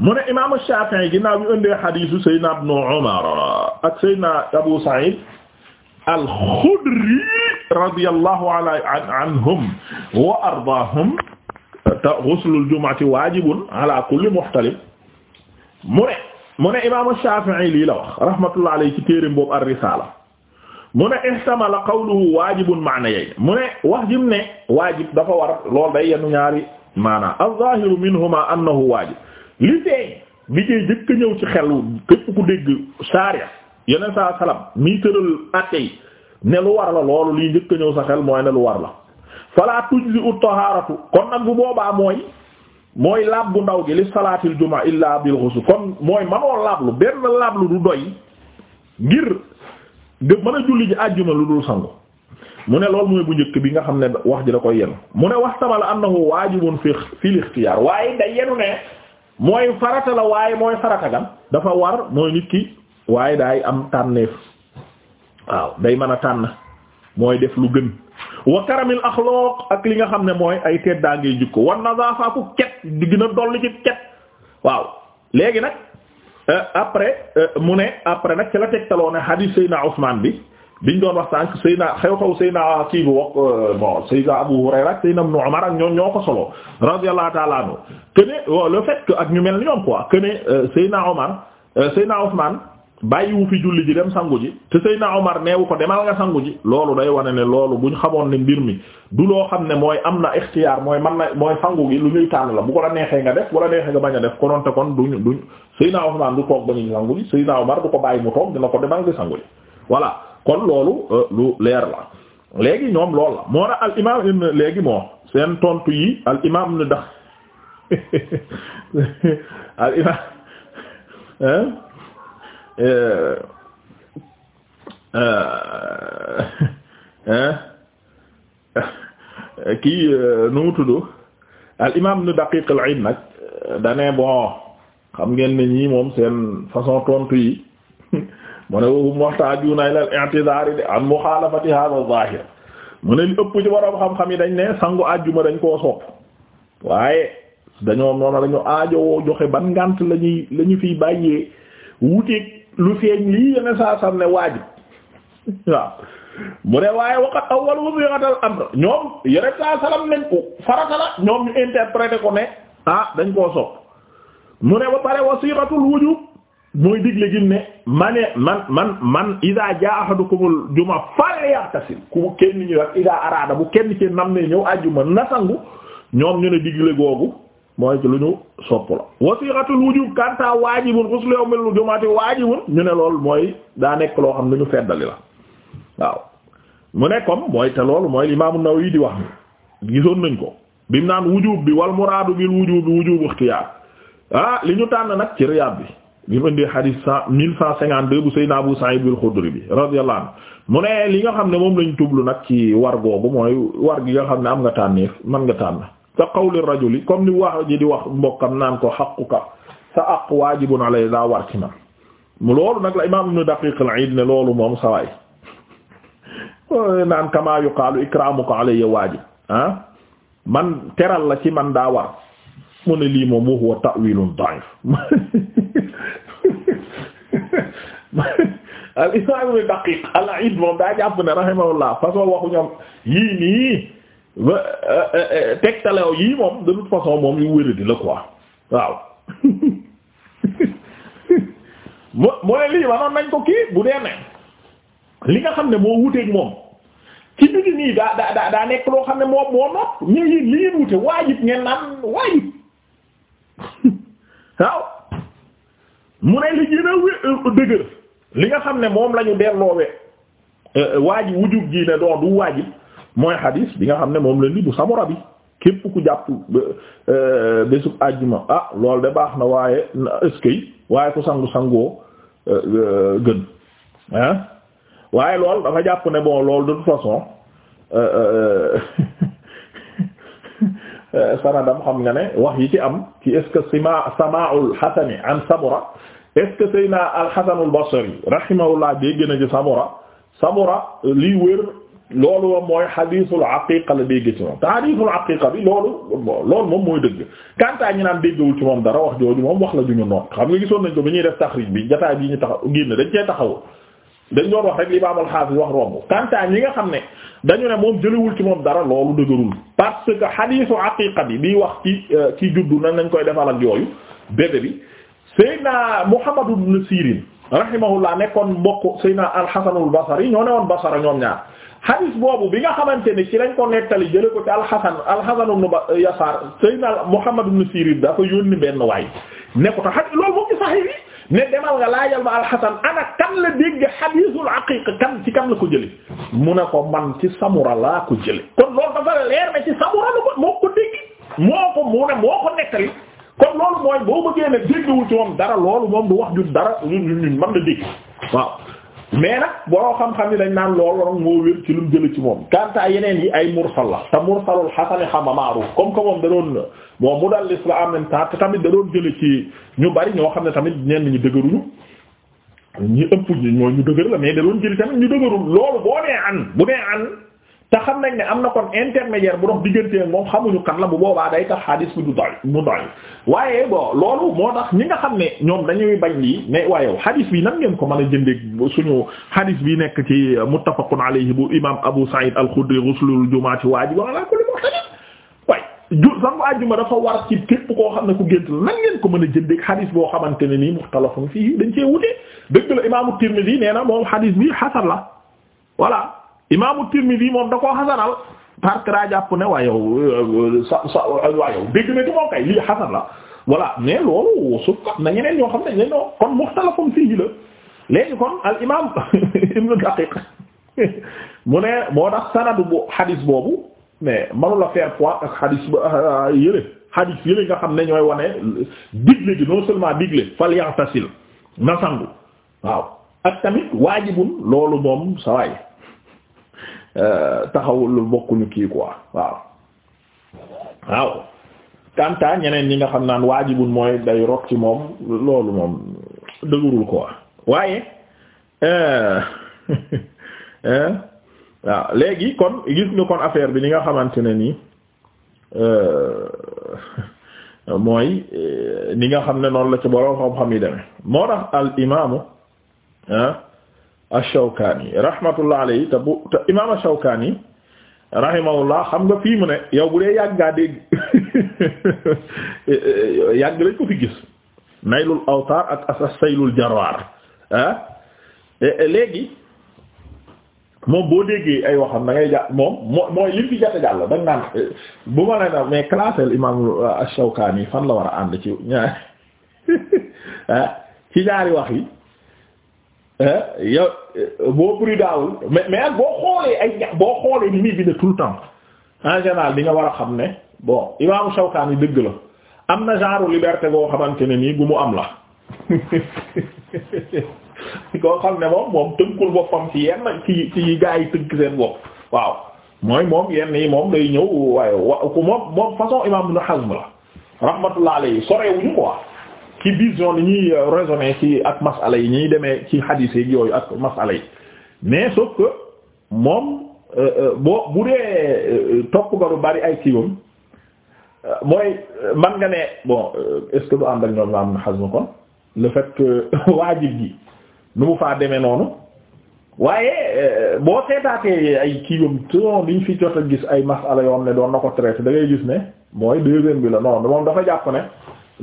mu ne imaamu Shaafi'i ginnaaw bi ëndee xadiisu Seydina Ibnu Umar ak Seydina Abu Saïd al-Xudri radiyallahu anhum wa ardaahum te guslul jumu'ati waajibun ala kulli muhtalim mu ne mu ne imaamu Shaafi'i lii la wax rahmatullahi alayhi ci téereem boobu ar-Risaala mu ne ihtamala qawluhu waajibun ma'nayayni mu ne wax jim ne waajib dafa war lool day yenu ñaari maana az-zaahiru minhumaa annahu waajib li feeñ jëkk ñëw ci xel képp ku dégg saaria yeneen saa salam mii tëral atte ne lu war la loolu lii njëkk ñëw sa xel mooy ne lu war la fala tujzi ut taharatu kon nag bu boobaa mooy mooy laab bu ndaw gi li salaatil jumaa illaa bil ghusl kon mooy manoo laablu benn laablu du doy ngir nga mën a julli ji àjjuma lu dul sangu mu ne loolu mooy bu njëkk bi nga xam ne wax ji da koy yenu mu ne wax tamala annahu waajibun fi fi l ixtiyaar mooy farata la waaye mooy farata gan dafa war mooy nit ki waaye daay am tànneef waaw day mën a tànn mooy def lu gën wa karamil axlooq ak li nga xam ne mooy ay teddaa ngay jukko wan nazafa ku ket di gën a dolli ci ket waaw léegi nag euh, après euh, mu ne après nag ci la tegtaloo ne hadith sayna Usman bi biñ doon wax sànq Seyna xew-xew Seyna kii bu wax euh, bon Seyna Abu Hurayra ak Seyna Ibn Umar ak ñoom ñoo ko solo radiyallahu ta'ala anhu que ne euh, le fait ak ñu mel ni ñoom quoi que ne euh, Seyna Omar Seyna Ousmane bàyyiwu fi julli ji dem sangu ji te Seyna Omar neewu ko demal nga sangu ji loolu day wane ne loolu buñ xamoon ne mbir mi du loo xam ne mooy am na ixtiyaar mooy man na mooy sangu gi lu ñuy tànn la bu ko la neexee nga def bu la neexee nga bañ a def konoon te kon duñ duñ Seyna Ousmane du toog ba ñu Seyna Omar ko bàyyi mu toog dina ko demal nga kon loolu euh, lu leer la léegi ñoom loolu la moo na al imam léegi moo seen tontu yi al imam ibn dax al imam euh, euh, kii nu mu tudd al imam ibn daqiq al aid nag dane bon xam ngeen ne ñii moom seen façon tontu yi mu ne wahum muhtaajuna ila al-i'tizaari de an muxaalafati haadha zaahir mu ne li ëpp ci waroom xam-xam yi dañ ne sangu àjjuma dañ koo sopp waaye dañoo noonu lañu aajowoo joxe ban ngànt lañuy lañu fiy bàyyee lu feeñ lii yenn saa sam ne waajib waaye waqat awwal wudi'atal amr ñoom yeneen saa salam nañ ko farata la ñoom ñu interprété ko ne ah dañ koo sopp mu ne ba pare wasiqatul wujub mooy digle gi ne ma ne man man man ida jaa ahadukumul juma falyaghtasil ku kenn ñu wax ida araada bu kenn ci nam ne ñëw àjjuma na sangu ñoom ñu ne digle googu mooy ci lu ñu sopp la wasiqatul wujub kanta waajibun ghuslu yawmil jumu'ati waajibun ñu ne loolu mooy daa nekk loo xam ne ñu feddali la waaw mu nekkoom mooy te loolu mooy Imam An-Nawawi di wax gisoon nañ ko bi mu naan wujub bi wal muraadu bil wujub bi wujub ixtiyaar ah li ñu tànn nag ci Riyaad bi bi mu indi xadis cent mille cent cinquante deux bu Seydina Abu Sa'id bi radiyallahu mu ne li nga xam ne moom lañ tublu nag ci war googu mooy war gi nga xam ne am nga tànneef man nga tànn ka qawli rajuli comme ni wax ji di wax mbokkam naan ko xaquka sa aq waajibun alay daa war ci man mu loolu nag la imaam ibn Daqiq al-Iid ne loolu moom sawaay naan kama yuqaalu ikramuka alayya waajib ah? man teral la ci man daa war mu ne lii moom wa huwa ta'wilun da'if al imaam ibn Daqiq al-Iid moom daa jàpp ne rahimahullah façon waxu ñoom yii nii euh, euh, euh, tegtalew yii moom da toute façon moom yu wéradi la quoi waaw mo mooy lii wanoon nañ ko kii bu dee ne li nga xam ne moo wuteeg moom ci biti nii daa daa daa nekk loo xam ne moom moo nopp ñas yéen li ngeen waajib ngeen naan waajib waaw mu ne li gën a dëgër li nga xam ne moom la ñu delloowe euh, waajib wujub gi ne doon du waajib mooy xadiis bi nga xam ne moom leen di bu samura bi képp ku jàpp euh, bésub àjjuma ah loolu de baax na waaye est-ce que waaye ku sangu sangoo euh, gën waaye loolu dafa jàpp ne bon lool de toute façon sanadam xam nga ne wax yi ci am ci est-ce que sima samaul xasani an samura est-ce que Seydina al-Hasan al-Basri rahimahullah dégg na ci Samura Samura lii wér loolu moom mooy hadithul aqiqa la dégg ci moom te hadithul aqiqa bi loolu loolu moom mooy dëgg kantaa ñi naan déggawul ci moom dara wax jooju moom wax la ju ñu noon xam nga gisoon nañ ko bi ñuy def taxrij bi jotaay bi ñu taxaw génn dañ cee taxaw dañ doon wax rek li baamul xaafis wax romb kantaa ñi nga xam ne dañu ne moom jëlawul ci moom dara loolu dëgërul parce que hadithu aqiqa bi bii wax ci euh, ci juddu nan lañ koy defal ak yooyu bi Seydina Muhammad ibn Sirin rahimahullah nekkoon mbokk Seydina al-Hasanul Basri ñoo newoon Basra ñoom ñaar hadis boobu bi nga xamante ne ci lañ ko nettali jële ko ci al-Hasan al-Hasan ibn Yasar Seydina Muhammad ibn Sirin dafa yónni benn waay ne ko tax hadis loolu moom ci Sahih yi ne demal nga laajal ma ana kan la dégg hadisul aqiqa kan ci kan la ko jële mu ne ko man ci Samura laa ko jële kon loolu dafa leer na ci Samura ko moo ko dégg moo ko mu ne moo ko kon loolu mooy boo bëggee ne dégluwul ci moom dara loolu moom du wax ju dara ñun na dégg waaw mais nag boo xam-xam ni dañ naan loolu rek moo wér ci lu mu jëlee ci moom. quant à yeneen yi ay mursal la te mursalul xasane xama ma'ruf comme que moom da doon moom mudallis la en même temps te tamit da doon jëlee ci ñu bari ñoo xam ne tamit ñenn ñi dëgëruñu ñi ëpp ñi ñu dëgër la mais da doon jëlee tamit ñu dëgërul loolu boo nee an bu nee an. te xam nag ne am na kon intermédiaire bu dox diggante moom xamuñu kan la bu boobaa day tax xadis bi du doy mu doy waaye boo loolu moo tax ñi nga xam ne ñoom dañuy bañ lii ne waaye xadis bi nan ngeen ko mën a jëndee suñu xadis bi nekk ci muttafaqun alayhi bu imam Abu Sa'id al-Khudri ghuslul jumaati waajibun ala kulli muhtalim waaye ju sangu àjjuma dafa war ci képp koo xam ne ku gént la nan ngeen ko mën a jëndee xadis boo xamante ne nii muxtalafun fii dañ cee wute dëgg la imaamu Tirmidhi nee na moom xadis bi xasan la imaamu Tirmidhi moom da koo xasanal parce que daa jàpp ne waa yow euh, sa sa euh, waa yow dégg na ci moom kay lii xasan la voilà mais loolu suuf na ñeneen ñoo xam ne ñeneen ñoo kon muxtalafun fiihi la léegi kon al imaam ibnu Daqiq mu ne moo tax sanadu bu xadis boobu mais mënu la faire poids ak xadis ba euh, yële xadis yële nga xam ne ñooy wane digle gi non seulement digle fal yaxtasil na sangu waaw ak tamit waajibun loolu moom sa waay Euh, taxawul bokkuñu kii quoi waaw waaw kanta ñeneen ñi nga xam naan waajibul mooy day rot ci moom loolu moom dëgërul quoi waaye euh, euh, waaw léegi kon gis nga kon affaire bi ni nga xamante ne nii mooy ni nga xam ne noonu la ci borom xam-xam yi demee moo tax al imaamu ah ash-Shawkaani rahmatullah alayhi te bu te imaam shawkaani rahimahullah xam nga fii mu ne yow bu dee yàggaa dégg yàgg lañ ko fi gis naylul awtaar ak asas saylul jarwaar ah, e, e, léegi moom boo déggee ay waxam da ngay jàpp moom moo mooy lim fi jàtte jàll da naan e, bu ma ne mais classel imaam ash-Shawkaani fan la war a ànd ci ñaar ah ci ñaari wax yi yow euh, boo prudent mais mais boo xoolee ay boo xoolee ni muy bind tout le temps en général di nga war a xam ne bon imaamu Shawkaani dëgg la am na genre liberté goo xamante ne nii gu mu am la koo xam ne moom moom tënkul boppam ci yenn ci ci gaa yi tënk seen bopp waaw mooy moom yenn yi moom day ñëw waaye wax moom moom façon imaam Ibn Hazm la rahmatullah alayhi sorewuñu quoi. ci vision li ñuy euh, raisonner ci ak masala yi ñuy demee ci hadith yi yooyu ak masala yi mais sauf que moom euh, euh, boo bu dee topp nga lu bari ay kiiwam mooy man nga ne bon est-ce que du ànd ak ñoom la am na xas kon le fait que waajib gi nu mu faa demee noonu waaye boo seetaatee ay kiiwam selon liñ fi jot a gis ay masala yoo yoon ne doon na ko trait da ngay gis ne mooy deuxième bi la non moom dafa jàpp ne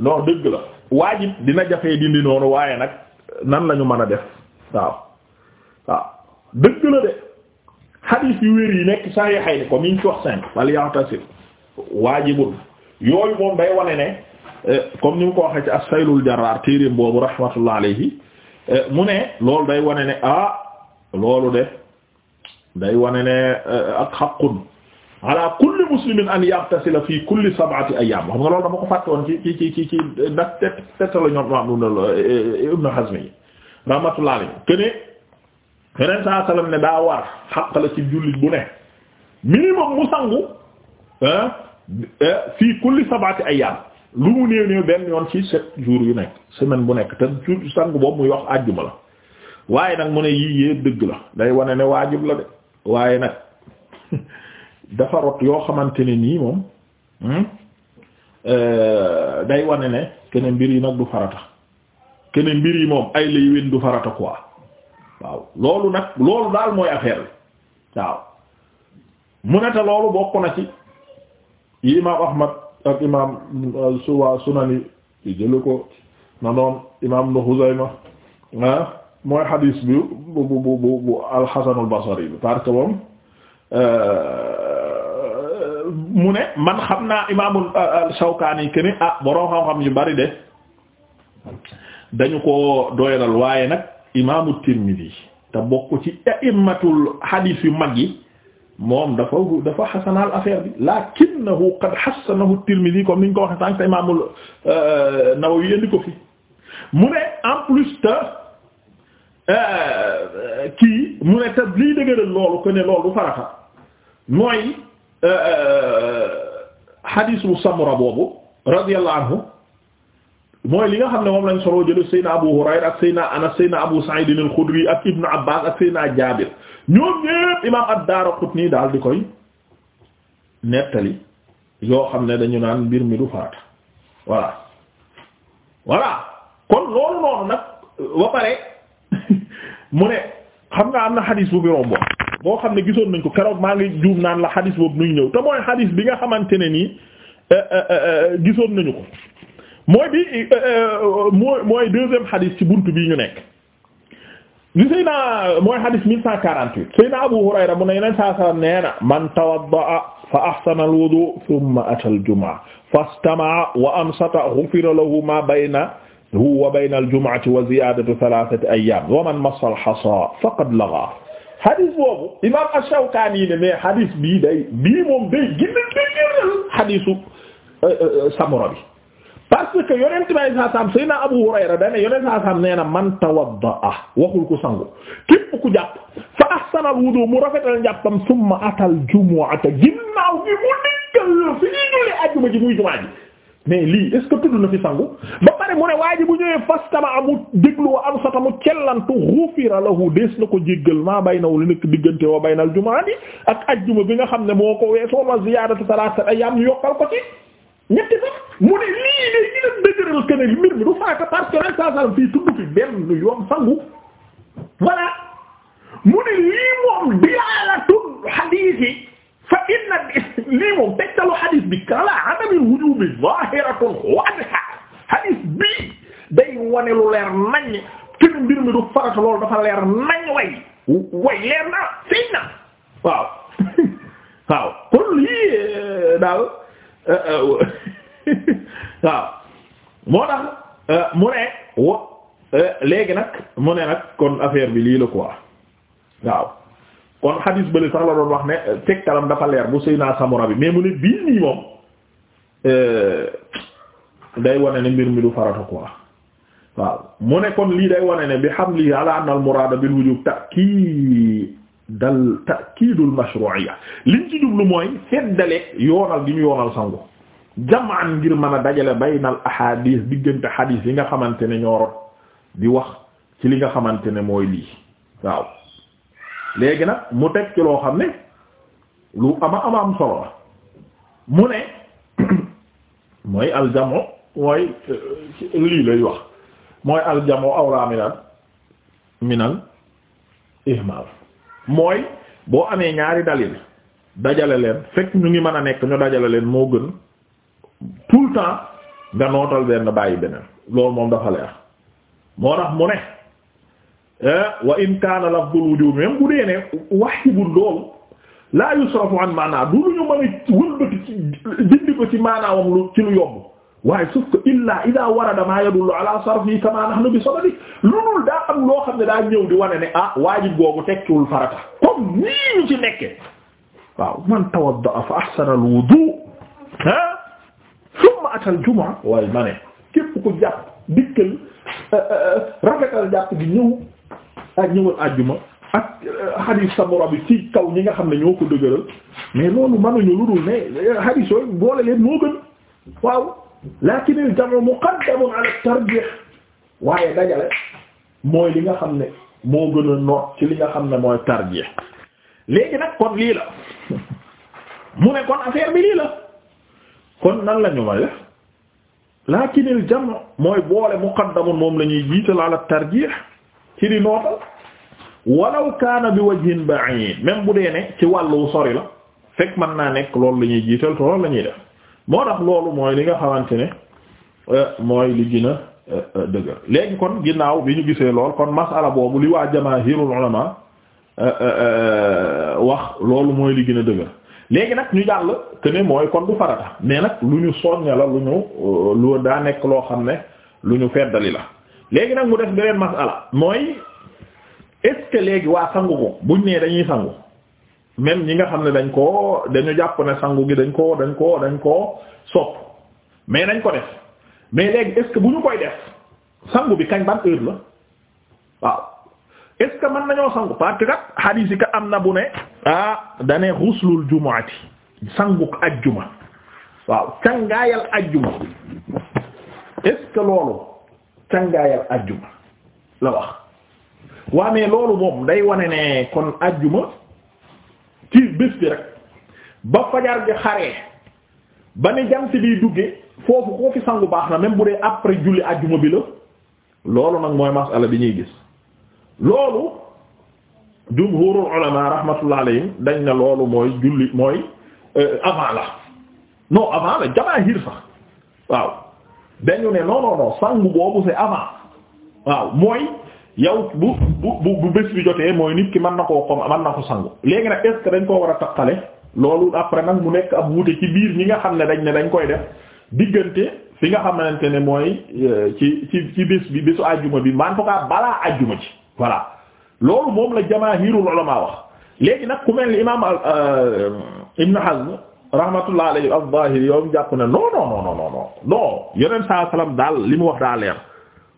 non dëgg la. waajib dina jafe dindi noonu waaye nag nan lañu mën a def waaw waaw dëgg la de xadiis yu wér yi nekk saxiixay ni comme yi ñu ci wax cinq wal ya'tasil waajibul yooyu moom day wane ne eh, comme ni mu ko waxee ci as-saylul jarraar téereem boobu rahmatullah alayhi eh, mu ne loolu day wane ne ah loolu de day wane ne eh, ak xaqun ala kulli muslimin an yabtasila fi kulli sab'ati ayyam xam nga loolu dama ko fàtte woon ci ci ci ci ndax te te la ñoom am na Ibn Hazm yi rahmatullah alayhi que ne yeneen saa salaam ne daa war xaq la ci jullit bu ne minimum mu sangu ah kulli sab'ati ayyam lu mu néew néew benn yoon ci sept jours yu nekk semaine bu nekk te jur sangu boobu muy wax àjjuma la waaye nag mu ne yii yee dëgg la day wane ne waajib la de waaye nag. dafa yoo xamante ne nii moom hmm, euh, day wane ne keneen mbir yi nag du farata keneen mbir yi moom ay lay wén du farata quoi waaw loolu nag loolu daal mooy affaire bi waaw mu loolu bokk na ci yi imaam Ahmad ak imaam euh, suwa sunani yi jële ko na noon imaam nu Xuzayma ah mooy xadiis bu bu bu bu alxasanul basari bi parce moom euh, mu ne man xam naa imaamul euh, euh, Shawkaani que ne ah borom xam-xam yu bari de dañu ko doyalal waaye nag imaamu Tirmidi te ko ci a'immatul hadith yu mag yi moom dafa dafa xasanaal affaire bi lakinnahu qad xassanahu Tirmidi comme ni ñu ko waxee sànq te imaamul euh, Nawawi indi ko fi mu ne en plus te kii mu ne te lii dëgëral loolu que loolu du farata xadiisu euh, euh, euh, Samura boobu radiyallahu anhu mooy li nga xam ne moom lañ solo jële Seydina Abu Hurayra ak Seydina Anas Seydina Abu Sa'id al-Khudri ak Ibnu Abbas ak Seydina Jaabir ñoom ñépp imaam ad-Daaraqutni daal di koy nettali yoo xam ne dañu naan mbir mi du faata voilà voilà kon loolu noonu nag ba pare mu ne xam nga am na xadiis bu bi romboon boo xam ne gisoon nañ ko keroog maa ngi naan la xadis boobu nuy ñëw te mooy xadis bi nga xamante ne nii eh, eh, eh, nañu ko mooy bi mooy mooy deuxième xadis buntu bii ñu nekk li sëy naa mooy xadis mille Abu Hurayra mu ne yeneen saa sallam nee na man tawaddaa fa ahsana alwudu thumma ata aljumaa fastamaa wa amsata ghufira lahu ma bayna hu wa bayna aljumaati wa ziyaadatu thalathati ayyam wa man massa alhasa faqad lagha hadis boobu imam Ash-Shawkani ne mais hadis bii day bii moom day ginna dëgëral hadisu euh, euh, euh, Samura bi parce que yonent bi saa saam Seydina Abu Hurayra da yonent saa saam nee na man tawadda'a ah, waxul ku sangu képp ku jàpp fa ahsana al-wudu mu rafetal njàppam summa atal jumu'ata ginnaaw bi mu dikkal fi ñuy julli ajjuma ji muy jumaa mais lii est-ce que tudd na fi sangu ba pare mu ne waa ñëwee fastama amu déglu am sata mu cellantu ghufira lahu dees na ko jéggal maa bay naw nekk diggante wa bay jumaa bi ak ajjuma bi nga xam ne moo ko weesoo ma ziyaadatu salaasa ayyaam yokkal ko ci ñetti sax mu ne lii day gën a dëgëral que ne mbir mi du faata parce que rek saa saa fii tudd fi benn yoon sangu voilà mu ne lii moom diyaalatul hadiis yi fa inna lii moom tegtalu xadis bi kala adamil wujubi zahiratun wadha xadis bii day wane lu leer nañ kenn du farata loolu dafa leer nañ way way leer na feeñ lii eh, daal eh, eh, waaw moo tax mu wo léegi nag mu kon affaire bi lii la quoi kon xadiis bële sax la doon wax ne euh, tegtalam dafa leer bu Seydina Samura bi mais mu ne bii nii moom euh, day wane ne mbir mi du farata quoi waaw mu ne kon lii day wane ne bi hamli ala anna al muraada bil wujub ta'kiid dal ta'kiidul mashru'iyya liñ ci jublu mooy feddale yoonal gi ñu yoonal sangu jamaan ngir mën a dajale baynal ahadis diggante hadis yi nga xamante ne ñoo rot di wax ci li nga xamante ne mooy lii waaw léegi nag mu teg ci loo xam ne lu ama ama am solo la mu ne mooy aljamo mooy euh, lii lay wax mooy aljamo awla minal minal ihmal mooy boo amee ñaari dalil dajale leen fekk ñu ngi mën a nekk ñu dajale leen moo gën tout le temps nga nootal benn bàyyi beneen loolu moom dafa leer moo tax mu ne Eh? wa in kaana lafdul wujub même bu dee ne wahibul loolu laa yusrafu an maanaa du lu ñu mën a wëlbati ci dindi ko ci maanaawam lu ci lu yomb waaye sauf que illa ida warada maa yadullu ala sarfi kama nahnu bi sabadi lunul daa am loo xam ne daa ñëw di wane ne ah waajib googu tekkiwul farata comme nii ñu ci nekke waaw man tawadda fa ahsana al wudu ha eh? thumma ata al jumaa waaye ma ne képp ku jàpp dikkal eh, rafetal jàpp gi ñëw ak ñëwal àjjuma ak euh, hadith Samura bi kaw ñi nga xam ne ñoo ko dëgëral mais loolu mënuñu lu dul ne euh, hadith yooyu boole leen moo gën waaw lakin al jamu muqaddamun mooy li nga xam ne moo gën a li nga xam ne mooy tarjih léegi nag kon lii la mu ne kon affaire bi lii la kon nan la ñu may def lakin al jamu mooy boole muqaddamun moom la ñuy jiital ala tarjih ci di nootal walaw kaana bi wajhin ba'id même bu dee ne ci wàllu sori la fekk mën naa nekk loolu la ñuy jiital te loolu la def moo tax loolu mooy li nga xamante ne euh, mooy li gën a euh, kon ginnaaw bi ñu gisee lool kon masala boobu li waa jamaa jamaahirul ulama euh, wax loolu mooy li gina a dëgër léegi nag ñu jàll que mooy kon du farata mais nag lu ñu soñña la lu ñu lu daa nekk loo xam ne lu ñu feddali la léegi nag mu def beneen masala mooy est léegi waa sangu ko buñ nee dañuy sangu même ñi nga xam ne dañ koo dañu jàpp ne sangu gi dañ koo dañ koo dañ koo sopp mais dañ ko def mais léegi est-ce que bu ñu koy def sangu bi kañ ban heure la waaw est-ce que mën nañoo sangu parce que kat hadith yi am na bu ne ah dane xuslul jumu'ati sanguk ajjuma waaw cangaayal ajjuma est-ce que loolu cangaayal ajjuma la wax waa mais loolu moom day wone ne kon ajjuma ci bés bi rek ba fajar gi xaree ba ne jant biy duggee foofu koo fi sangu baax na même bu dee après julli ajjuma bi la loolu nag mooy masala bi ñuy gis loolu jumhurul ulama rahmatullah alayhim dañ ne loolu mooy julli mooy euh, avant la non avant la jamaahir sax waaw dañu ne non non non sangu boobu c'est avant waaw mooy yow bu bu bu bés bi jotee mooy nit ki mën na koo ko man na ko sangu léegi nag est-ce dañ koo war a takkale loolu après nag mu nekk ab wuute ci biir ñi nga xam ne dañ ne dañ koy def diggante fi nga xamante ne mooy euh, ci ci ci bi bésu àjjuma bi man en tout cas balaa àjjuma ci voilà loolu moom la jamaahirul ulama wax léegi nag ku mel ni imaam euh, Ibn Hazm rahmatullah alayhi az-Zahiri yow jàpp ne non non non non non non yeneen saa salaam daal li mu wax daa leer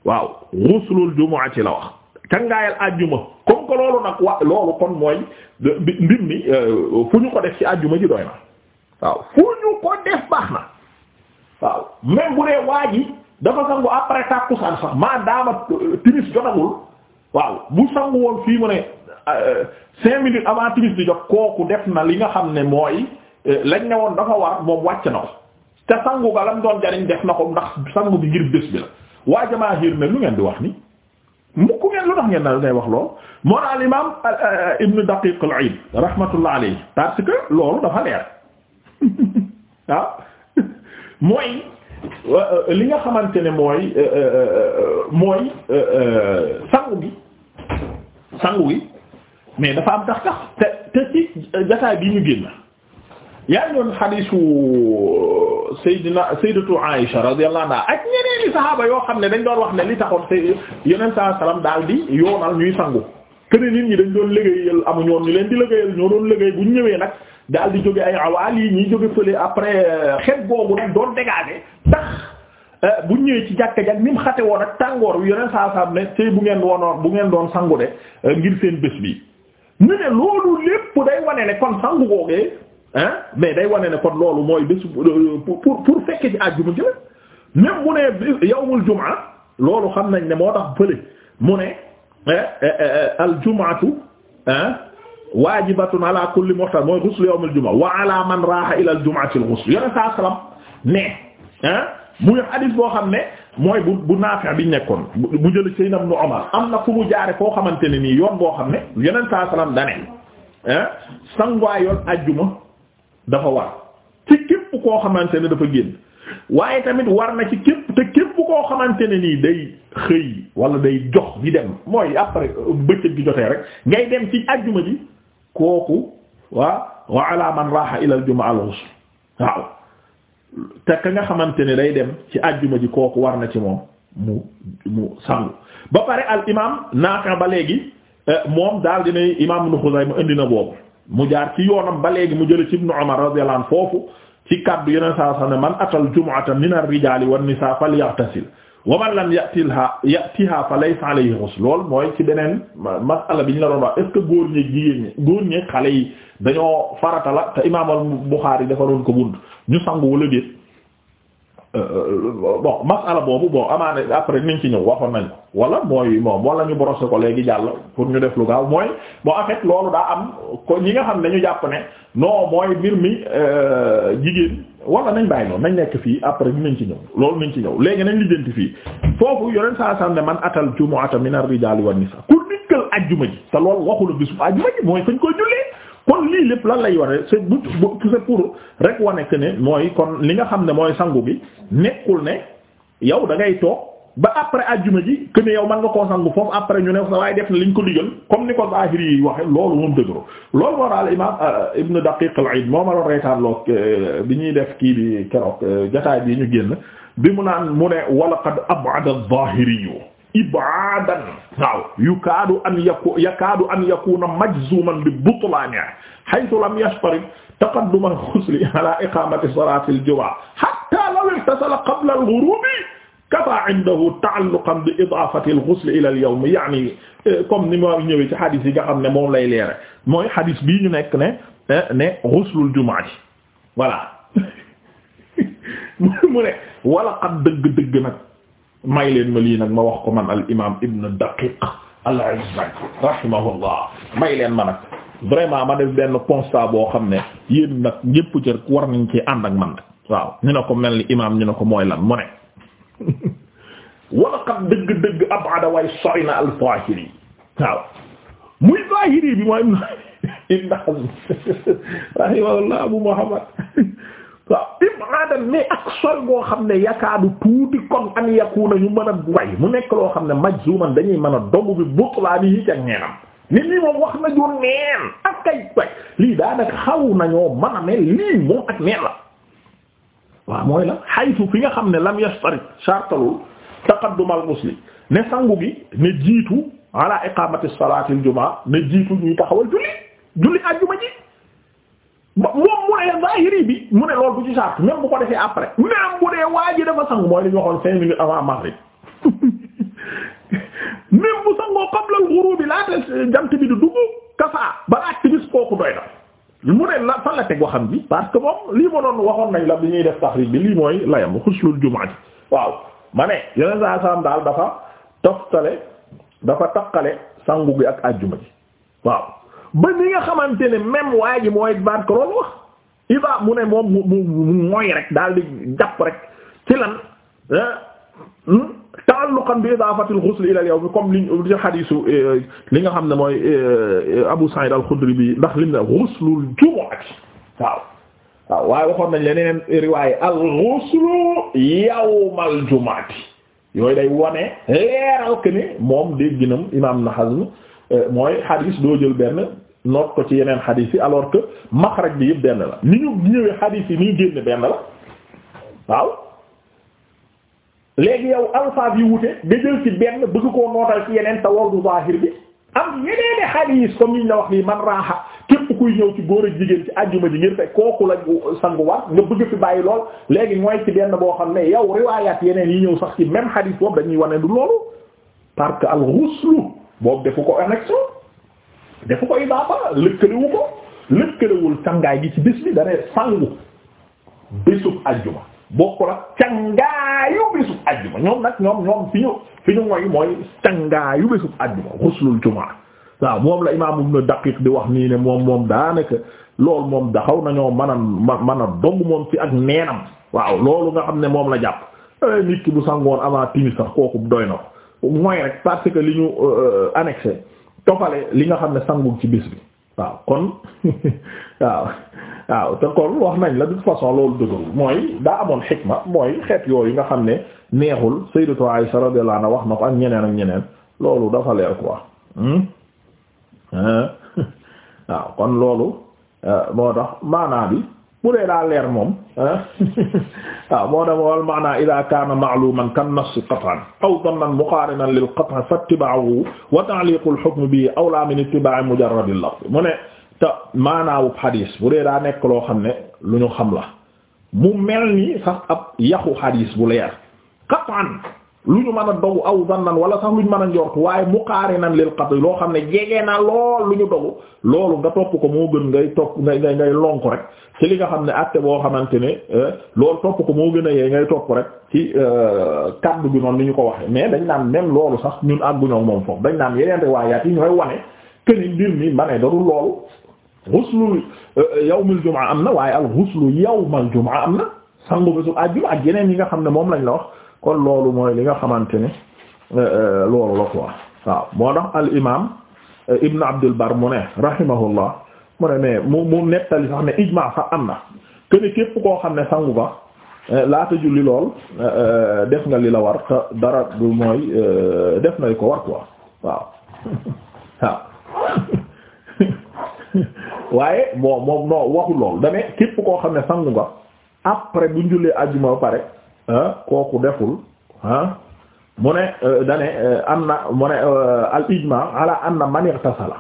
waaw ghuslul jumu'ati la wax. cangaayal àjjuma comme que loolu nag wa loolu kon mooy mbir mi euh, fu ñu ko def ci àjjuma ji doy na waaw fu ñu ko def baax na waaw même bu dee waa ji dafa sangu après tàkkusaan sax maa daama euh, timis jotagul waaw bu sangu woon fii mu ne euh, cinq minutes avant timis di jot kooku def na li nga xam ne mooy. lañ ne woon dafa war moom wàcc na ko te sangu ba lam doon jariñ def na ko ndax sangu bi ngir bés waa jamaahir ne lu ngeen di wax ni mukk ngeen lu tax ngeen na day wax lool moo na al imam euh, ibnu daqiq al iid rahmatullah alayhi parce que loolu dafa mooy euh, li nga xamante ne mooy euh, mooy sangu gi sangu gi mais dafa am tax tax te te ci jotaay bi ñu génn yaa ngi doon xadiisu euh, Seydina Sayyidatu Aïsha radiyallahu anha ak ñeneen i saxaaba yoo xam ne dañ doon wax ne li taxoon yeneen saa salaam daal di yoonal ñuy sangu kene nit ñi dañ doon liggéeyal amuñu woon ñu leen di liggéeyal ñoo doon liggéey bu ñu ñëwee nag daal di jóge ay awaal yi ñuy jóge fële après euh, xet boobu nag doon dégager tax euh, bu ñëwee ci jàkka jak ni mu xate woon ak tàngoor wi yeneen saa salaam ne tey bu ngeen woonoon bu ngeen doon sangu de ngir seen bés bi ñu ne loolu lépp hein mais day wane ne kon loolu mooy bés pour pour pour fekke ci àjjuma ji la même mu ne yawmul loolu xam nañ ne moo tax fële mu ne eh, eh, eh, al jumaatu hein waajibatun ala kulli muhtar mooy ghusl yawmul jumaa wa ala man raaha ila al al ghusl yone saa salaam ne hein muy hadith boo xam ne mooy bu bu Naafi' nekkoon mu jël Sayyidina Ibn Umar am na fu mu jaare foo xamante ne nii yoon boo xam ne yeneen saa salaam dane ah sanguwaay yoon dafa war ci képp koo xamante ne dafa génn waaye tamit war na ci képp te képp koo xamante ne nii day xëy wala day jox di dem mooy après euh, bëccëg gi jotee rek ngay dem ci ajjuma ji kooku waa wa ala man raha ila al jumaa waaw te ka nga xamante ne day dem ci ajjuma ji kooku war na ci moom mu mu sangu ba pare al imam naakan ba léegi euh, moom daal dina imam nu Xuzayma indi na boobu mu jaar ci yoonam ba léegi mu jële ci ibnu Umar radiyallahu anhu foofu ci kàddu yeneen saa sax ne man atal jumu'ata min ar-rijaali wan-nisaa falyaghtasil wa man lam ya'tilha ya'tiha fa laysa alayhi ghusl lool mooy ci beneen masala bi ñu la doon wax est ce que góor ñi jigéen ñi góor ñi xale yi dañoo farata la te imaam al Buxaari dafa doon ko bunt ñu sangu wala déet bon masala boobu boo amaane après niñ ci ñëw waxoon nañ ko wala mooy moom wala ñu brosser ko léegi jàll pour ñu def lu gaaw mooy bon en loolu daa am ko ñi nga xam ne ñu jàpp ne non mooy mbir mi euh, jigéen wala nañ bàyyi noonu nañ nekk fii après nañ ci ñëw loolu nañ ci ñëw léegi nañ lijjanti fii foofu yoneen saa sam ne man atal jumu'ata min ar-rijali wan nisa ku dikkal ajjuma ji te loolu waxula bisu ajjuma ji mooy fañ koy jullee kon lii lépp lan lay waree c'est c'est pour rek wane que ne mooy kon li nga xam ne mooy sangu bi nekkul ne yow da ngay toog ba après ajjuma ji que ne yow mën nga koo sangu foofu après ñu ne sa waaye def na liñ ko digal comme ni ko Zahiri yi waxe loolu moom dëgëro loolu moo daal imaam euh, Ibn Daqiq al-Eid moo ma doon reetaanloo euh, bi ñuy def kii bi keroog euh, jotaay bi ñu génn bi mu naan mu ne wala walaqad ab'ada az-Zahiri ibaadan waaw yukaadu an yaku yakaadu an yakuna majzuman bi butlaani haythu lam yashtarib taqaddum al-ghusli ala iqamati salati al-jumaa hatta law igtasala qabla al-ghurubi kafa indahu ta'alluqan bi idaafati al-ghusl ila al-yawm yaani eh, comme ni ma ñëwee ci hadith yi nga xam ne moom lay leere mooy hadith bii ñu nekk ne eh, ne ghuslul jumaa voilà mu ne wala qad dëgg-dëgg nag may leen ma lii nag ma wax ko man al imam ibn daqiq al azzak rahimahullah may leen ma nag vraiment ma def benn constat boo xam ne yéen nag ñépp jër war nañ ci ànd ak man nag waaw ñu ne ko mel ni imam ñu ne ko mooy lan mu ne wala xam dëgg-dëgg abada way sori na waaw muy zahiri bi mooy ibn hazm abu muhammad waaw imradan mais ak sol boo xam ne yakaadu tuuti kon an yakuna ñu mën a way mu nekk loo xam ne majzuman dañuy mën a dogu bi butlaani yi ca neenam nit ñi moom wax na ju neen ak kay way lii daanaka xaw nañoo mën a lii moom ak neen la waaw mooy la xaytu fi nga xam ne lam yastarit sartalul taqaddum al muslim ne sangu gi ne jiitu ala iqamati salati al jumaa ne jiitu ñuy taxawal julli julli àjjuma ji moom mu ne zahiri bi mu ne loolu du ci sart même bu ko defee après même bu dee waa ji dafa sangu mooy li waxoon cinq minutes avant maghrib même bu sangoo qabla al-ghurub bi laata jant bi du dugg kafaa balaa timis kooku doy na mu ne la fan la teg waxam bi parce que moom lii ma doon waxoon nañ la bi ñuy def taxrib bi lii mooy layam xuslul jumaati waaw ma ne yeneen saam daal dafa toftale dafa takkale sangu gi ak àjjuma ji waaw ba ni nga xamante ne même waa ji mooy baat ko loolu wax ida mu ne moom mu mooy rek daal di jàpp rek ci lan hmm? ta'alluqan bi idafati al-ghusl ila al-yawm comme li hadisu euh, li nga xam ne mooy euh, Abu Sa'id al-Khudri bi ndax lim ne ghuslul jumu'ati waaw waaw waaye waxoon nañ leneen riwaayé al-ghuslu yawmal jumu'ati yooyu day wone leeral ke ni moom dégginam imam na Hazm Euh, mooy xadis doo jël benn noot ko ci yeneen xadis yi alors que maxraj bi yëpp benn la ni ñu ñëwee xadis yi ni ñu génn benn la waaw léegi yow alphabe yi wute nga ci benn bëgg koo nootal ci yeneen te wardu zahir bi am yeneeni xadis comme niñ la wax nii man raaxa képp kuy ñëw ci góor ak jigéen ci àjjuma ji ngir fekk kooku la sangu war nga bëgg fi bàyyi lool léegi mooy ci benn boo xam ne yow riwaayaat yeneen yi ñëw sax ci même xadis boobu dañuy wane du loolu parce boobu defu ko annexion defu ko idafa lëkkalewu ko lëkkalewul cangaay gi ci bis bi dane sangu bésub ajjuma bokkul ak cangaayu bésub ajjuma ñoom nag ñoom ñoom fi ñu fi ñu moy mooy cangaayu bésub ajjuma xuslul jumaa waaw moom la imaam ibn daqiq di wax nii ne moom moom daanaka lool moom daxaw nañoo mën a mën a dogg moom ci ak neenam waaw loolu nga xam ne moom la jàpp eh, nit ki bu sangoon avant timis sax kooku doy na mooy rek parce que li ñu euh, euh, annexé toppale li nga xam ne sangul ci bis bi waaw kon waaw waaw te kon wax nañ la de façon loolu dëgërul mooy daa amoon xikma mooy xeet yooyu nga xam ne neexul sayyidatu Aisha radiyallahu anha wax na ko ak ñeneen ak ñeneen loolu dafa leer quoi hmm? waaw kon loolu euh, moo tax maanaa bi bu dee daa leer moom waaw moo dama wal maana ida kaana maaluman kan nass qatan aw dannan muqarinan lil qatan fattiba'uhu wa ta'liqu al hukm bihi awla min ittiba'i mujarrad al lafz mu ne te maanaawu xadis bu dee daa nekk loo xam ne lu ñu xam la mu mel ni sax ab yaxu xadis bu leer qatan lu ñu mën a dogu aw zannan wala sax lu ñu mën a njort waaye mu muqaarinan lil qatl loo xam ne jege na lool lu ñu dogu loolu nga topp ko moo gën ngay topp ngay ngay ngay lonk rek ci li nga xam ne àtte boo xamante ne eh, loolu topp ko moo gën a yee ngay topp rek ci eh, kaddu bi noonu ni ñu ko waxee mais dañ naan même loolu sax ñun àgguñoo moom foofu dañ naan yeneen riwaayaat yi ñooy wane que ni mbir mi ma ne darul loolu ghuslu eh, yawmul jumaa am na waaye ak al ghuslu yawmal jumaa am na sangu bésu àjjuma ak yeneen yi nga xam ne moom lañ la wax. kon loolu mooy li nga xamante ni euh, euh, loolu la quoi waaw moo tax al imaam euh, Ibn Abdul Bar mu ne rahimahullah mu ne mais mu mu nettali sax ne ijmaa sax am na que ne képp koo xam ne sangu ba laata julli lool def nga li la war dara du mooy def na ko war quoi waaw waaye bon moom noo waxu lool dame képp koo xam ne sangu nga après bu ñu jullee pare. Euh, kooku deful ah mu ne euh, dane euh, an na mu ne al ijma ala anna man irtasala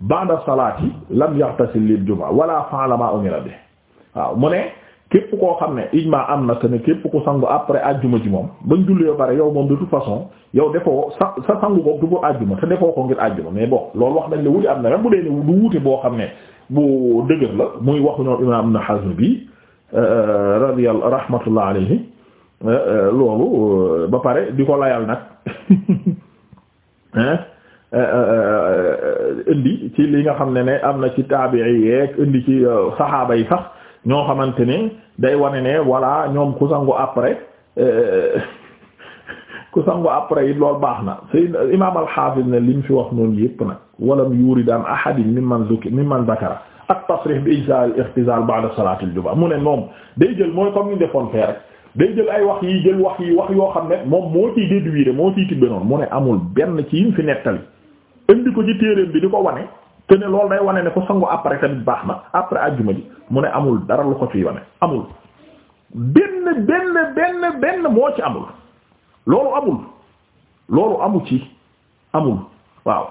ba'da salati lam yartasil lil juma wala fa'ala ma umira bi waaw mu ne képp koo xam ne ijma am na te ne képp ku sangu après ajjuma ji moom bañ julli ba pare moom de toute façon yow defoo sa sa sangu ko du ko ajjuma te defoo ko ngir ajjuma mais bon loolu wax nañ la wuti am na même bu dee ne du wuute boo xam ne bu dëgër la muy waxu ñoom imam Ibn Hazm bi radiyallahu rahmatullah alayhi Euh, euh, loolu euh, ba pare di ko layal nag indi ci li nga xam ne ne am na ci taabi'i yeeg indi ci saxaaba yi sax ñoo xamante ni day wane ne walaa ñoom ku sangu après ku sangu après it loolu baax na sayyid imaam al-Hafiz ne lim fi wax noonu yépp nag walam yurid an ahadin mimman zuki mimman zakara ak tasrih bi ijza al-ihtizal ba'da salati al-jumu'ah mu ne moom day jël mooy comme ni defoon fee day jël ay wax yi jël wax yi wax yoo xam ne moom moo ciy déduire moo ciy tibbe noonu mu ne amul benn ci yim fi nettali indi ko ci téereem bi di ko wane te ne loolu day wane ne ko sangu après tamit baax na après àjjuma ji mu ne amul dara lu ko fi wane amul benn benn benn benn moo ci amul loolu amul loolu amul ci amul waaw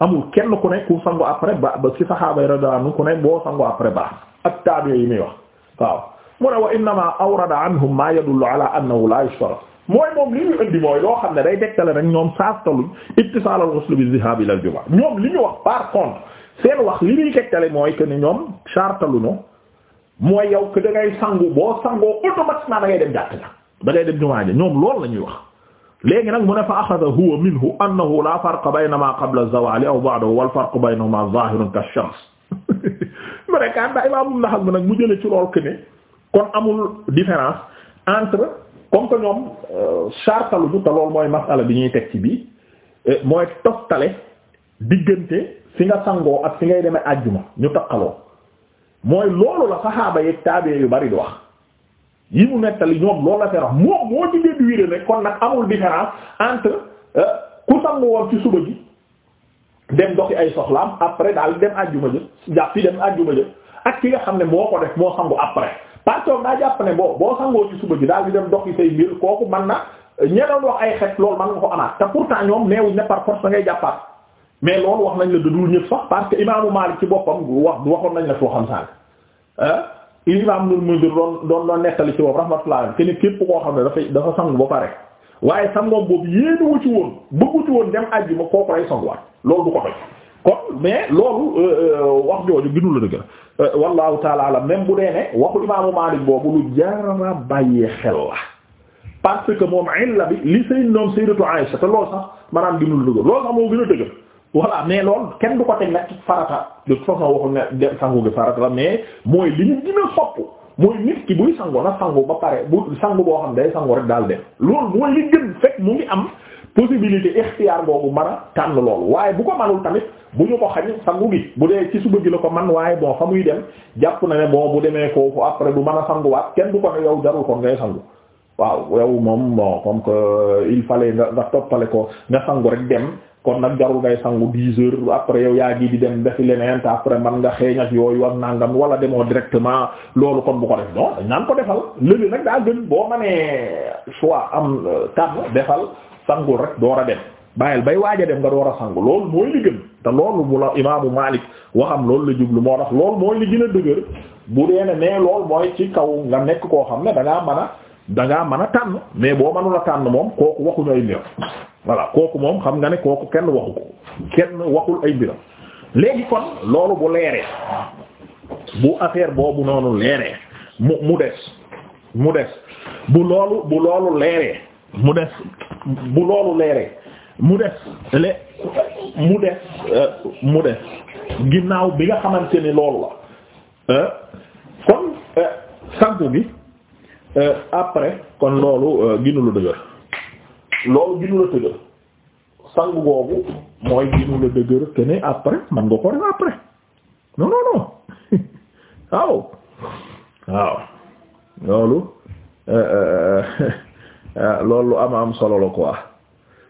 amul kenn ku ne ku sangu après ba ba ci saxaaba yi radiyallahu anhu ku ne boo sangu après baax ak taabio yi muy wax waaw mu ne wa innama awrada anhum ma yadullu ala annahu la yushtara mooy moom li ñu indi mooy loo xam ne day degtale rek ñoom saastaluñ ittisal al ghusl bi dhahab ila al juma ñoom li ñu wax par contre seen wax li ñuy tegtale mooy que ne ñoom chartaluñu mooy yow que da ngay sangu boo sangoo automatiquement da ngay dem jàtt ja da ngay dem jumaa ja ñoom loolu la ñuy wax léegi nag mu ne fa axada huwa minhu annahu la farqa bayna ma qabla zawali aw ba'dahu wal farqu baynahuma zahirun ka shams mu ne kan da imam ibn hazm nag mu jële ci lool que ne kon amul différence entre comme que ñoom sartalu euh, bu te loolu mooy masala bi ñuy teg ci bii euh, mooy toftale diggante fi nga sangoo ak fi ngay deme àjjuma ñu takkaloo mooy loolu la saxaaba yeeg taabee yu bari di wax yi mu nettali ñoom loolu la fee wax moo moo ci déduire ne kon nag amul différence entre euh, ku sangu woon ci suba gi dem doxi ay soxlaam après daal dem àjjuma jë jàpp fi dem àjjuma jë ak ki nga xam ne moo ko def moo sangu après parce que daa jàpp ne boo boo sangoo ci suba ji daal di dem dox ci say mbir kooku mën na euh, ñe doon ay xet loolu mën nga ko amaat te pourtant ñoom neewuñ ne par force da ngay mais loolu wax nañ la dadul ñëpp sax parce que imaamu Maalik ci boppam wax waxoon nañ la soo xam sànq ah imaam Ibnul Munzir doon doon doon nettali ci boobu rahmatullahi te ni képp koo xam ne dafay dafa sangu ba pare waaye sangoom boobu yéenuwu ci woon bëggu ci woon dem àjjuma kooku lay sanguwaat loolu du ko toj kon mais loolu euh, euh, wax jooju ginu la dëgg euh, wallahu taala alam même bu dee ne waxu imaamu Maalik boobu lu jarala bàyyee xel la parce que moom illa bi li say noom sayyidatu Aïsha te loolu sax maanaam ginu la dëgg loolu sax moo gën a dëgg voilà mais loolu kenn du ko teg nag farata de toute façon sangu gi farata la mais mooy li ñu gën a sopp mooy nit ki buy sangu na sangu ba pare bu sangu boo xam day sangu rek daal dem loolu mooy li gën fekk mu ngi am possibilité ixtiyaar boobu mën a tànn loolu waaye bu ko manul tamit bu ñu ko xañ sangu gi bu dee ci suba gi la ko man waaye boo fa muy dem jàpp na ne boo bu demee foofu après du mën a sanguwaat kenn du ko ne yow jarul kon ngay sangu waaw yow moom bon comme que il fallait nga nga ko nga sangu rek dem kon nag jarul ngay sangu dix heures après yow yaa ngi di dem defi leneen te après man nga xeeñ ak yooyu ak nangam wala demoo directement loolu kon bu ko def non naan ko defal léegi nag daa gën boo ma choix am euh, tànn defal. sangul rek door a dem bàyyil bay waaj a dem nga door a sangu loolu mooy li gën te loolu bu la imaamu Maalik waxam loolu la jublu moo tax loolu mooy li gën a dëgër bu dee ne mais loolu mooy ci kaw nga nekk koo xam ne da man mën a mën a tànn mais boo mënul a tànn moom kooku waxuñu ay mbiram voilà kooku moom xam nga ne kooku kenn waxu kenn waxul ay mbiram léegi kon loolu bu leeree bu affaire boobu noonu leeree mu mu des mu des bu loolu bu loolu leeree mu des bu loolu leeree mu des le mu des euh, mu des ginnaaw bi nga xamante ni loolu la euh, kon euh, sangu bi après kon loolu ginu la dëgër loolu ginu la dëgër sangu boobu mooy ginu la dëgër que après man nga ko def après non non non waaw loolu loolu lu am am solo la quoi